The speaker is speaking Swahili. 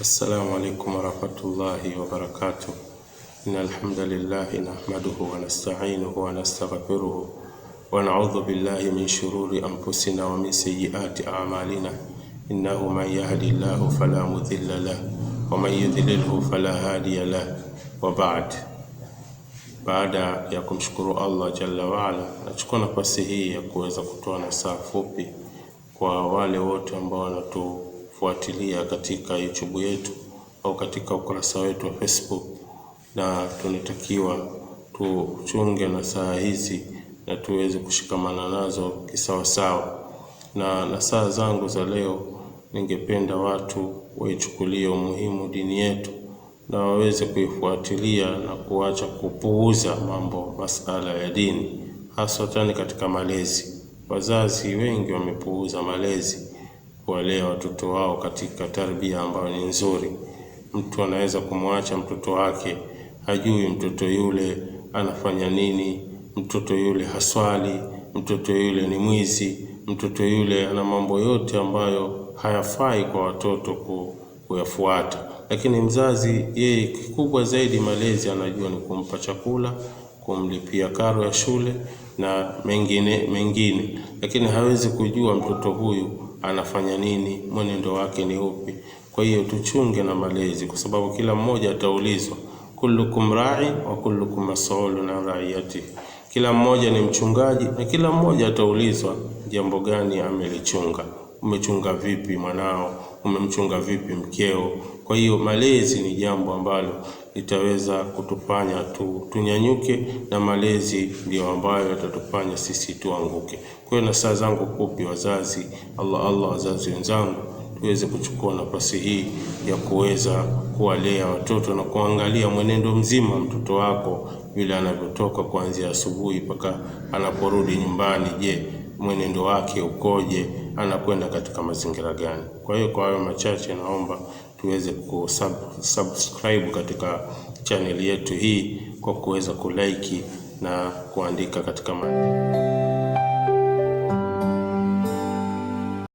السلام عليكم ورحمه الله وبركاته ان الحمد لله نحمده ونستعينه ونستغفره ونعوذ بالله من شرور انفسنا ومن سيئات اعمالنا انه من يهد الله فلا مذل له ومن يذلله فلا هادي له وبعد Baada ya kumshukuru Allah jalla waala, nachukua nafasi hii ya kuweza kutoa nasaha fupi kwa wale wote ambao wanatufuatilia katika YouTube yetu au katika ukurasa wetu wa Facebook, na tunatakiwa tuchunge nasaha hizi na tuweze kushikamana nazo kisawasawa. Na nasaha zangu za leo, ningependa watu waichukulie umuhimu dini yetu na waweze kuifuatilia na kuacha kupuuza mambo masala ya dini haswatani katika malezi. Wazazi wengi wamepuuza malezi, kuwalea watoto wao katika tarbia ambayo ni nzuri. Mtu anaweza kumwacha mtoto wake, hajui mtoto yule anafanya nini, mtoto yule haswali, mtoto yule ni mwizi, mtoto yule ana mambo yote ambayo hayafai kwa watoto ku kuyafuata, lakini mzazi yeye kikubwa zaidi malezi anajua ni kumpa chakula, kumlipia karo ya shule na mengine mengine, lakini hawezi kujua mtoto huyu anafanya nini, mwenendo wake ni upi. Kwa hiyo tuchunge na malezi, kwa sababu kila mmoja ataulizwa, kullukum rai wa kullukum masulun an raiyati, kila mmoja ni mchungaji na kila mmoja ataulizwa jambo gani amelichunga umechunga vipi mwanao, umemchunga vipi mkeo. Kwa hiyo malezi ni jambo ambalo litaweza kutufanya tu tunyanyuke, na malezi ndiyo ambayo yatatufanya sisi tuanguke. Kwa hiyo na saa zangu kupi, wazazi, Allah Allah, wazazi wenzangu, tuweze kuchukua nafasi hii ya kuweza kuwalea watoto na kuangalia mwenendo mzima mtoto wako vile anavyotoka kuanzia asubuhi mpaka anaporudi nyumbani. Je, mwenendo wake ukoje? anakwenda katika mazingira gani. Kwa hiyo kwa hayo machache, naomba tuweze kusubscribe katika chaneli yetu hii kwa kuweza kulike na kuandika katika maandishi.